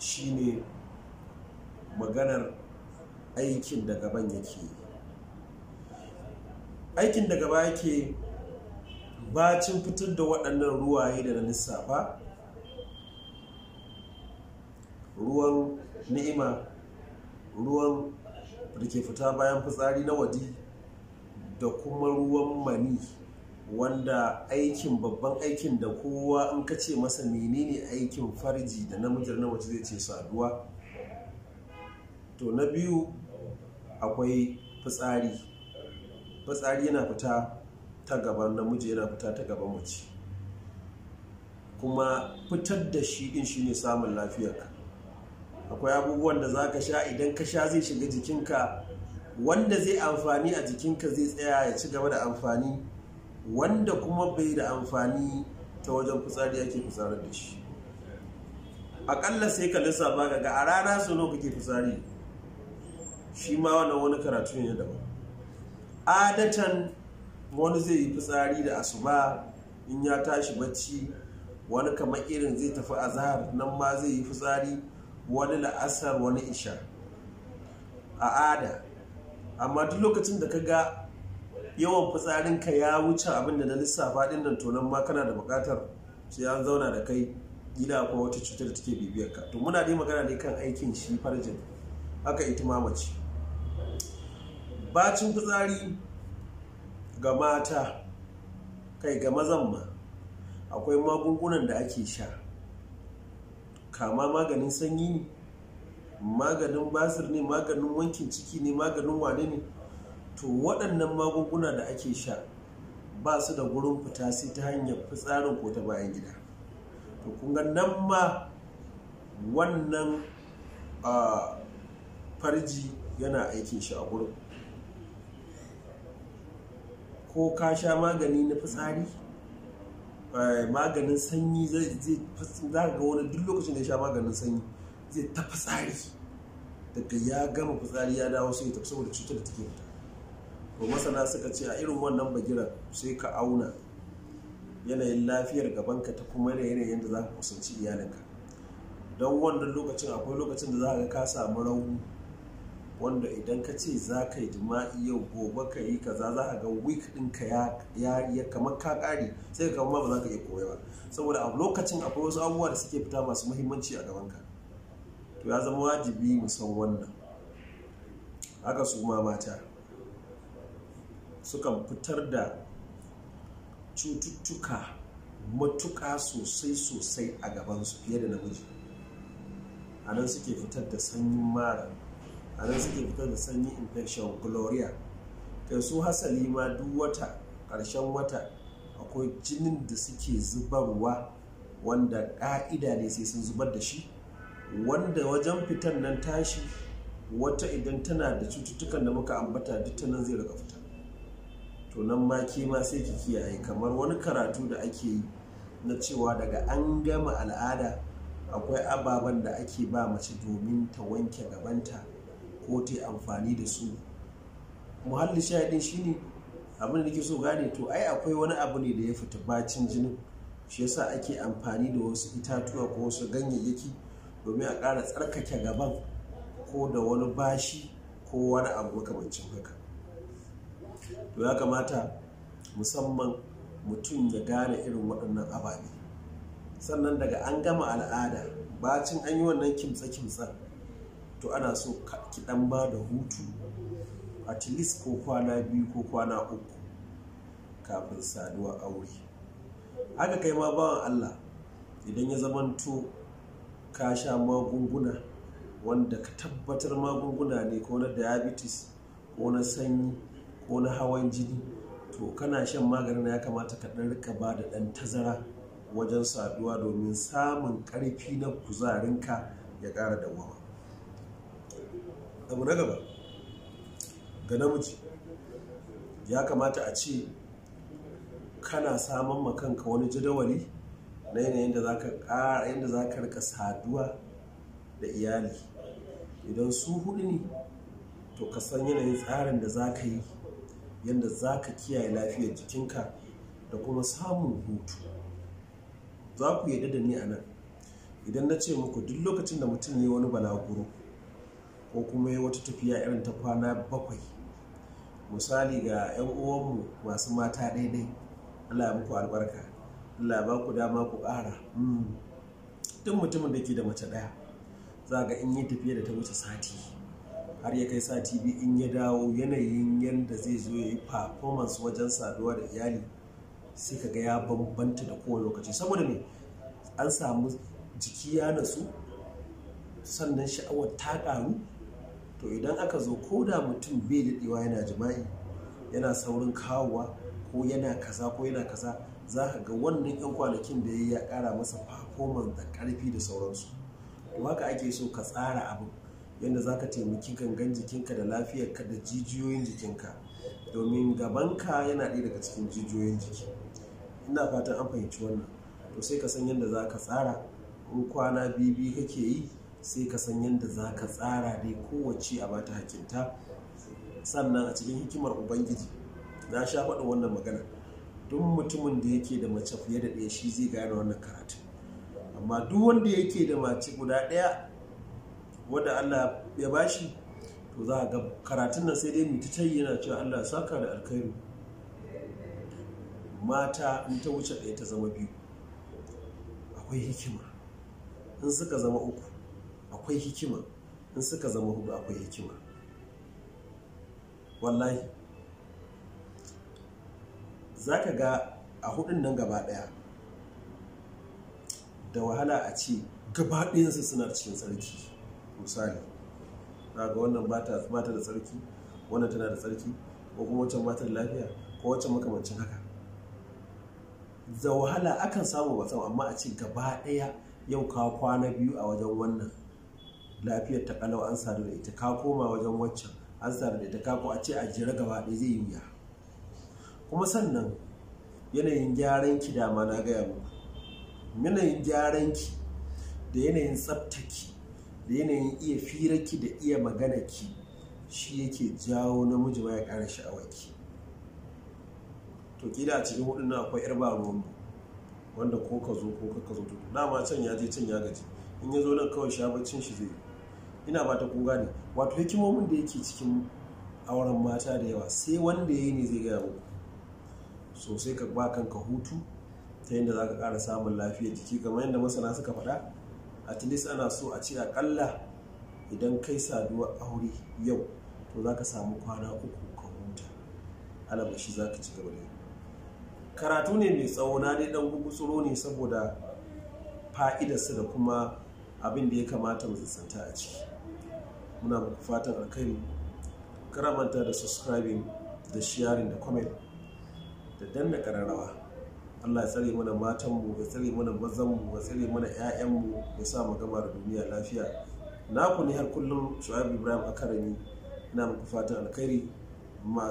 shine maganar aikin da gaban yake aikin da gaba yake bacin fitar da waɗannan ruwaye da na lissafa ruwan ni'ima ruwan da ke fita bayan fitsari na waje da kuma ruwan mani wanda aikin babban aikin da kowa in ka ce masa menene aikin farji da namijin na wace zai ce saduwa to na biyu akwai fitsari fitsari yana fita ta gaban namiji yana fita ta gaban mace kuma fitar da shi din shine samun lafiyarka akwai abubuwan da za ka sha idan ka sha zai shiga jikinka wanda zai amfani a jikinka zai tsaya ya ci gaba da amfani wanda kuma bai da amfani ta wajen fitsari ake fitsarar da shi akalla sai ka lissafa ga ga a rana su no kake fitsari shi ma wani wani karatu ne ba. adatan wani zai yi fitsari da asuba in ya tashi bacci wani kama irin zai tafi a zahar nan ma zai yi fitsari wani la'asar wani isha a ada amma duk lokacin da ka ga yawan fitsarin fitsarinka ya wuce abin da na lissafa ɗin nan tonan ma kana da buƙatar sai an zauna da kai gida ko wata cutar da take bibiyar ka to muna dai magana ne kan aikin shi farjin haka ita ma mace bacin fitsari ga mata kai ga mazan ma akwai magungunan da ake sha kama maganin sanyi ne maganin basir ne maganin wankin ciki ne maganin wane ne to waɗannan magunguna da ake sha ba su da gurin fita sai ta hanyar fitsarin ko ta bayan gida to kunga nan ma wannan farji yana aikin shi a gurin ko ka sha magani na fitsari maganin sanyi zai za ga wani duk lokacin da ya sha maganin sanyi zai ta fitsari daga ya gama fitsari ya dawo sai ya tafi saboda cutar da take fita to masana suka ce a irin wannan bagiran sai ka auna yanayin lafiyar gabanka ta kuma yana yanayin da za ka kusanci iyalinka don wannan lokacin akwai lokacin da za ka ka samu rauni wanda idan ka ce za ka yi jima'i yau gobe ka yi kaza za ka ga week ɗinka ya kamar ka kare sai ka kama ba za ka iya koya ba saboda a lokacin akwai wasu abubuwa da suke fita masu muhimmanci a gabanka to ya zama wajibi mu wannan haka su ma mata sukan fitar da cututtuka matuƙa sosai sosai a gabansu fiye da namiji a nan suke fitar da sanyin mara a nan suke fitar da sanyin infection gloria kai su hasali ma duk wata ƙarshen wata akwai jinin da suke zubarwa wanda ƙa'ida ne sai sun zubar da shi wanda wajen fitar nan tashi wata idan tana da cututtukan da muka ambata duk nan zai rika fita to nan ma ke ma sai ki kiyaye kamar wani karatu da ake yi na cewa daga an gama al'ada akwai ababen da ake ba mace domin ta wanke gabanta ko ta yi amfani da su muhalli shahidin ne, abin da ke so gane to ai akwai wani abu ne da ya fita bacin jinin shi yasa ake amfani da wasu itatuwa ko wasu ganyayyaki domin a ƙara tsarkake gaban ko da wani bashi ko wani abu makamancin haka to ya kamata musamman mutum ya gane irin waɗannan ababe sannan daga an gama al'ada bacin an yi wannan kimtsa-kimtsa to ana so ki ɗan ba da hutu at least ko kwana biyu ko kwana uku kafin saduwa aure haka kai ma bawan allah idan ya zamanto ka sha magunguna wanda ka tabbatar magunguna ne ko na diabetes ko na sanyi ko na hawan jini to kana shan maganin ya kamata ka ɗan rika ba da ɗan tazara wajen saduwa domin samun ƙarfi na kuzarinka ya ƙara dawama abu na gaba ga namiji ya kamata a ce kana samun makanka wani jadawali na yanayin da za ka za ka rika saduwa da iyali idan su hudu ne to ka san yanayin tsarin da za ka yi yadda za ka kiyaye lafiyar jikinka da kuma samun hutu za ku yadda da ni a nan idan na ce muku duk lokacin da mutum ya wani balaguro ko kuma ya wata tafiya irin ta kwana bakwai misali ga 'yan uwanmu masu mata daidai allah muku albarka allah ba ku dama ku ƙara hmm. duk mutumin da ke da mace ɗaya za ga in yi tafiya da ta wuce sati har ya kai sati biyu in ya dawo yanayin yadda zai zo ya yi performance wajen saduwa da iyali sai ka ga ya bambanta da kowane lokaci saboda me an samu jiki ya nasu sannan sha'awar ta ƙaru to idan aka zo ko da mutum bai daɗewa yana jima'i yana saurin kawowa ko yana kaza ko yana kaza za ka ga wannan 'yan kwanakin da ya ƙara masa performance da ƙarfi da sauransu to haka ake so ka tsara abin yadda za ka taimaki gangan jikinka da lafiyarka da jijiyoyin jikinka domin gabanka yana ɗaya daga cikin jijiyoyin jiki ina fatan an fahimci wannan to sai ka san yadda za ka tsara in kwana bibi kake yi sai ka san yadda za ka tsara dai kowace a bata hakinta sannan a cikin hikimar ubangiji na sha faɗin wannan magana duk mutumin da yake da mace fiye da ɗaya shi zai gane wannan karatu amma duk wanda yake da mace guda ɗaya Wanda Allah ya bashi to za a ga karatun nan sai dai mu ta tayi yana cewa Allah saka da alkhairu. mata in ta wuce ɗaya ta zama biyu akwai hikima in suka zama uku akwai hikima in suka zama hudu akwai hikima wallahi za ka ga a hudun nan gaba daya da wahala a ce gaba ɗayansu suna cikin tsarki misali za ga wannan ba da tsarki wannan tana da tsarki ko kuma wancan ba da lafiya ko wancan makamancin haka da wahala akan samu ba amma a ce gaba ɗaya yau ka kwana biyu a wajen wannan lafiyar ta kalau an sadu da ita ka koma wajen waccan an sadu da ita ka ko a ce a jira gaba ɗaya zai yi wuya kuma sannan yanayin gyaran ki da ma na gaya muku yanayin gyaran ki da yanayin tsabtaki da yanayin iya firarki da iya magana ki shi yake jawo namiji ma ya ƙara sha'awarki to kila a cikin hudun akwai yar ba ruwan wanda ko ka zo ko ka zo to dama can ya je can ya gaji in ya zo nan kawai sha baccin shi zai ina ba ta ko gane wato hikimomin da yake cikin auren mata da yawa sai wanda ya yi ne zai gaya muku sosai ka ba kanka hutu ta yadda za ka ƙara samun lafiyar jiki kamar yadda masana suka faɗa at least ana so a ce akalla idan kai saduwar aure yau to za ka samu kwana uku ka huta shi za ka ci gaba da karatu ne mai tsawo na dai dan gugutsuro ne saboda fa'idarsa da kuma abin da ya kamata mu tsantsanta a ciki muna muku fatan alkhairi karamanta da subscribing da sharing da comment da danna kararrawa Allah ya tsare mana matanmu ya tsare mana mazanmu ya tsare mana 'ya'yanmu ya sa mu gama da duniya lafiya Na ne har kullum shu'aib ibrahim akarami ina muku fatan alkhairi ma